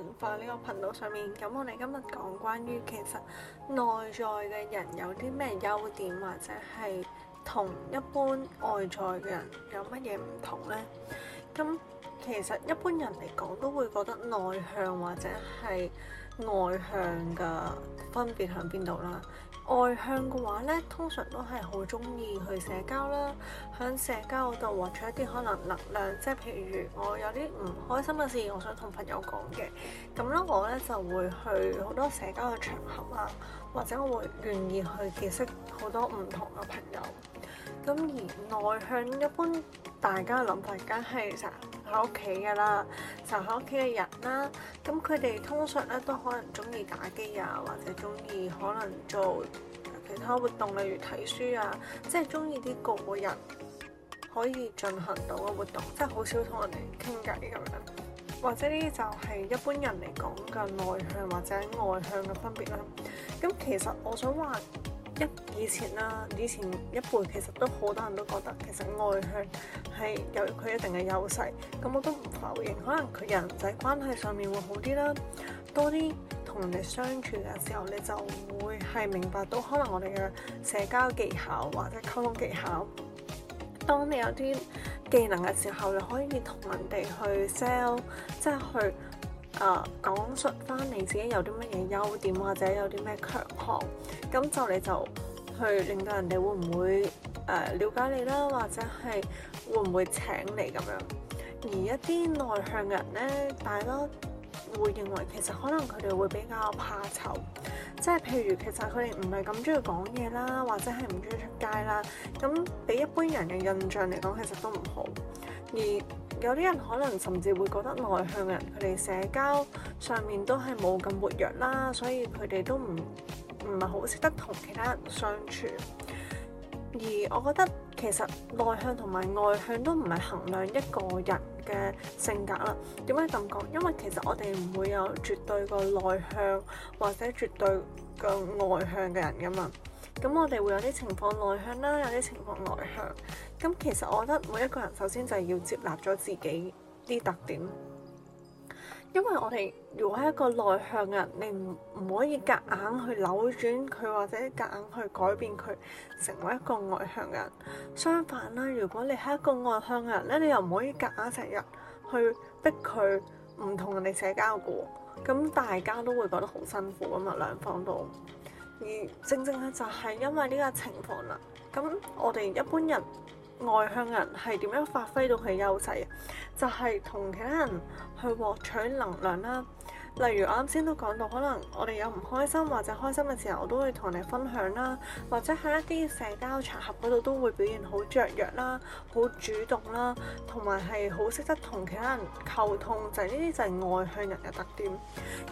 文化呢個頻道上面，咁我哋今日講關於其實內在嘅人有啲咩優點，或者係同一般外在嘅人有乜嘢唔同呢？咁其實一般人嚟講都會覺得內向或者係外向嘅分別喺邊度啦？外向嘅話呢，通常都係好中意去社交啦，喺社交度獲取一啲可能能量，即係譬如我有啲唔開心嘅事，我想同朋友講嘅。咁咧，我咧就會去好多社交嘅場合啊，或者我會願意去結識好多唔同嘅朋友。咁而內向一般大家嘅諗法家，梗係成日喺屋企嘅啦，成日喺屋企嘅人啦。咁佢哋通常咧都可能中意打機啊，或者中意可能做其他活動，例如睇書啊，即係中意啲個人可以進行到嘅活動，即係好少同人哋傾偈咁樣。或者呢啲就係一般人嚟講嘅內向或者外向嘅分別啦。咁其實我想話一以前啦，以前一輩其實都好多人都覺得其實外向係有佢一定嘅優勢。咁我都唔否認，可能佢人際關係上面會好啲啦，多啲同人哋相處嘅時候，你就會係明白到可能我哋嘅社交技巧或者溝通技巧，當你有啲技能嘅時候，你可以同人哋去 sell，即係去啊、呃、講述翻你自己有啲乜嘢優點，或者有啲咩強項，咁就你就去令到人哋會唔會誒瞭、呃、解你啦，或者係會唔會請你咁樣？而一啲內向人咧，大家會認為其實可能佢哋會比較怕醜。即係譬如，其實佢哋唔係咁中意講嘢啦，或者係唔中意出街啦。咁俾一般人嘅印象嚟講，其實都唔好。而有啲人可能甚至會覺得內向嘅人，佢哋社交上面都係冇咁活躍啦，所以佢哋都唔唔係好識得同其他人相處。而我覺得其實內向同埋外向都唔係衡量一個人。嘅性格啦，點解咁講？因為其實我哋唔會有絕對個內向或者絕對個外向嘅人㗎嘛。咁我哋會有啲情況內向啦，有啲情況外向。咁其實我覺得每一個人首先就係要接納咗自己啲特點。因為我哋如果係一個內向嘅人，你唔唔可以夾硬去扭轉佢，或者夾硬去改變佢成為一個外向嘅人。相反啦，如果你係一個外向嘅人咧，你又唔可以夾硬成日去逼佢唔同人哋社交嘅。咁大家都會覺得好辛苦噶嘛，兩方都而正正咧就係因為呢個情況啦。咁我哋一般人。外向人係點樣發揮到佢優勢啊？就係、是、同其他人去獲取能量啦。例如我啱先都講到，可能我哋有唔開心或者開心嘅時候，我都會同你分享啦，或者喺一啲社交場合嗰度都會表現好雀躍啦，好主動啦，同埋係好識得同其他人溝通，就係呢啲就係外向人嘅特點。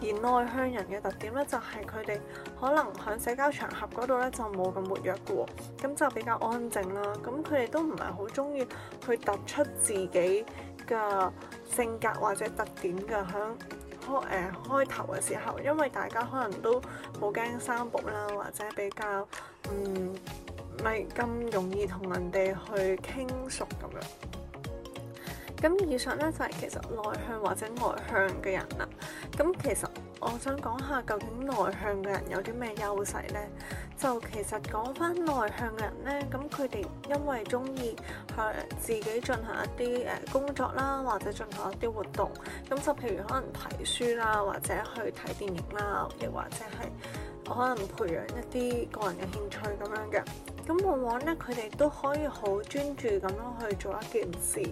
而內向人嘅特點咧，就係佢哋可能喺社交場合嗰度咧就冇咁活躍嘅喎，咁就比較安靜啦。咁佢哋都唔係好中意去突出自己嘅性格或者特點嘅響。開誒開頭嘅時候，因為大家可能都好驚三步啦，或者比較嗯咪咁容易同人哋去傾熟咁樣。咁以上呢就係其實內向或者外向嘅人啦。咁其實我想講下，究竟內向嘅人有啲咩優勢呢？就其實講翻內向嘅人呢，咁佢哋因為中意去自己進行一啲誒工作啦，或者進行一啲活動。咁就譬如可能睇書啦，或者去睇電影啦，亦或者係可能培養一啲個人嘅興趣咁樣嘅。咁往往呢，佢哋都可以好專注咁樣去做一件事。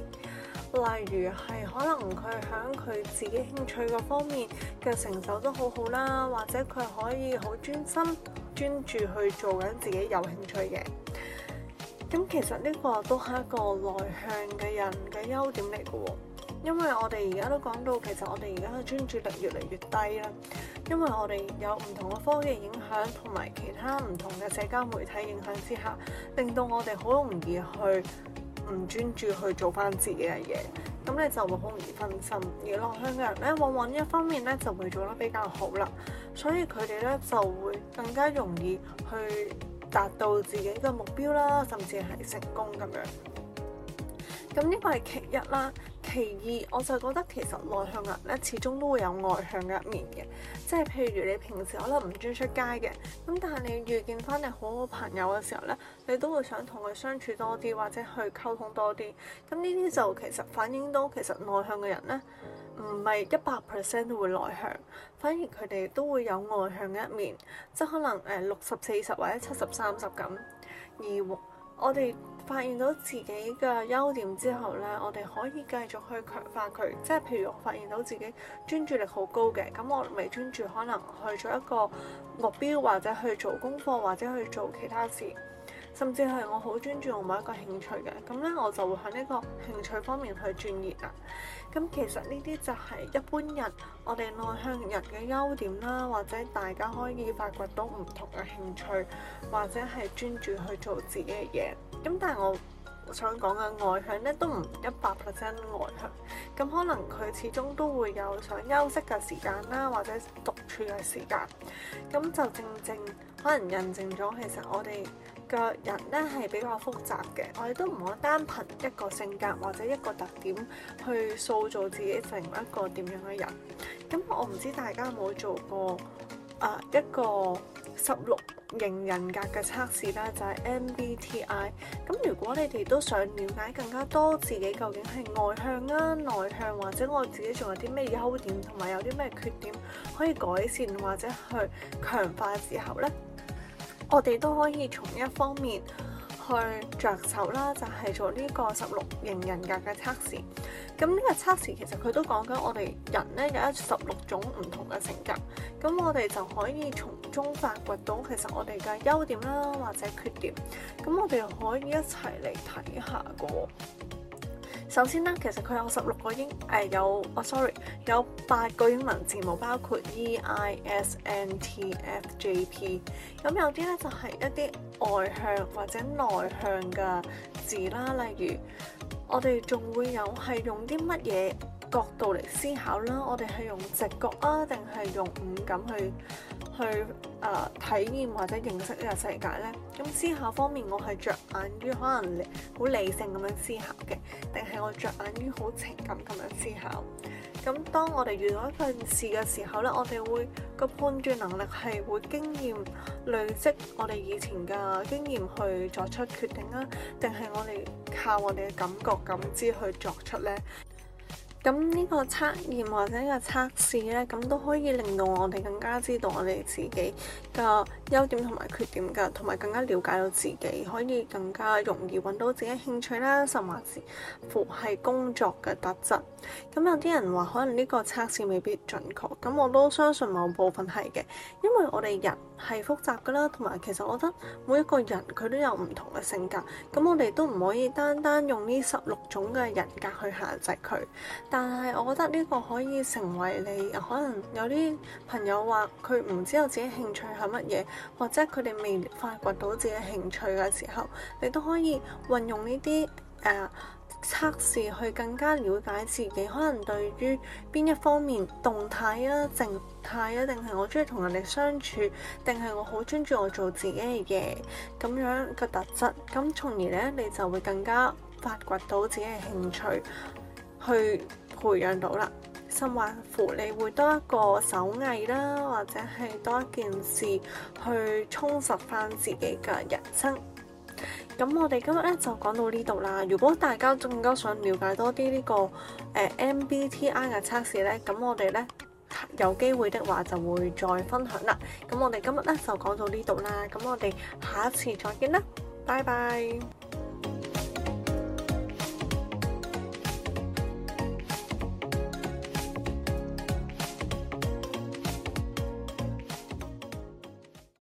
例如係可能佢喺佢自己興趣嗰方面嘅成就都好好啦，或者佢可以好專心專注去做緊自己有興趣嘅。咁其實呢個都係一個內向嘅人嘅優點嚟嘅喎，因為我哋而家都講到，其實我哋而家嘅專注力越嚟越低啦，因為我哋有唔同嘅科技影響同埋其他唔同嘅社交媒體影響之下，令到我哋好容易去唔專注去做返自己嘅嘢，咁你就會好容易分心。而內向嘅人咧，往往一方面咧就會做得比較好啦，所以佢哋咧就會更加容易去達到自己嘅目標啦，甚至係成功咁樣。咁呢個係其一啦。其二，我就覺得其實內向人咧，始終都會有外向嘅一面嘅，即係譬如你平時可能唔中意出街嘅，咁但係你遇見返你好好朋友嘅時候咧，你都會想同佢相處多啲，或者去溝通多啲。咁呢啲就其實反映到其實內向嘅人咧，唔係一百 percent 都會內向，反而佢哋都會有外向嘅一面，即係可能誒六十四十或者七十三十咁，而。我哋發現到自己嘅優點之後咧，我哋可以繼續去強化佢。即係譬如我發現到自己專注力好高嘅，咁我咪專注可能去做一個目標，或者去做功課，或者去做其他事。甚至係我好專注我某一個興趣嘅，咁咧我就會喺呢個興趣方面去轉移啦。咁其實呢啲就係一般人，我哋內向人嘅優點啦，或者大家可以發掘到唔同嘅興趣，或者係專注去做自己嘅嘢。咁但係我想講嘅外向咧，都唔一百 percent 外向，咁可能佢始終都會有想休息嘅時間啦，或者獨處嘅時間。咁就正正。可能印證咗，其實我哋嘅人咧係比較複雜嘅，我哋都唔可單憑一個性格或者一個特點去塑造自己成一個點樣嘅人。咁我唔知大家有冇做過誒、呃、一個十六型人格嘅測試咧，就係、是、MBTI。咁如果你哋都想了解更加多自己究竟係外向啊、內向，或者我自己仲有啲咩優點同埋有啲咩缺點可以改善或者去強化嘅時候咧，我哋都可以從一方面去着手啦，就係、是、做呢個十六型人格嘅測試。咁呢個測試其實佢都講緊我哋人咧有一十六種唔同嘅性格，咁我哋就可以從中發掘到其實我哋嘅優點啦，或者缺點。咁我哋可以一齊嚟睇下個。首先啦，其實佢有十六個英，誒、呃、有，我、哦、sorry 有八個英文字母，包括 E、I、S、N、T、F、J、P。咁有啲咧就係、是、一啲外向或者內向嘅字啦，例如我哋仲會有係用啲乜嘢角度嚟思考啦，我哋係用直覺啊，定係用五感去去。誒、呃、體驗或者認識呢個世界呢，咁思考方面，我係着眼於可能好理性咁樣思考嘅，定係我着眼於好情感咁樣思考。咁當我哋遇到一份事嘅時候呢，我哋會個判斷能力係會經驗累積我哋以前嘅經驗去作出決定啦，定係我哋靠我哋嘅感覺感知去作出呢？咁呢個測驗或者個測試呢，咁都可以令到我哋更加知道我哋自己嘅優點同埋缺點噶，同埋更加了解到自己，可以更加容易揾到自己興趣啦，甚至乎係工作嘅特質。咁有啲人話可能呢個測試未必準確，咁我都相信某部分係嘅，因為我哋人係複雜噶啦，同埋其實我覺得每一個人佢都有唔同嘅性格，咁我哋都唔可以單單用呢十六種嘅人格去限制佢。但係，我覺得呢個可以成為你可能有啲朋友話佢唔知道自己興趣係乜嘢，或者佢哋未發掘到自己興趣嘅時候，你都可以運用呢啲誒測試去更加了解自己。可能對於邊一方面動態啊、靜態啊，定係我中意同人哋相處，定係我好專注我做自己嘅嘢咁樣嘅特質，咁從而呢，你就會更加發掘到自己嘅興趣。去培養到啦，甚至乎你會多一個手藝啦，或者係多一件事去充實翻自己嘅人生。咁我哋今日咧就講到呢度啦。如果大家仲更加想了解多啲呢、呢個、呃、MBTI 嘅測試呢，咁我哋呢，有機會的話就會再分享啦。咁我哋今日呢，就講到呢度啦。咁我哋下一次再見啦，拜拜。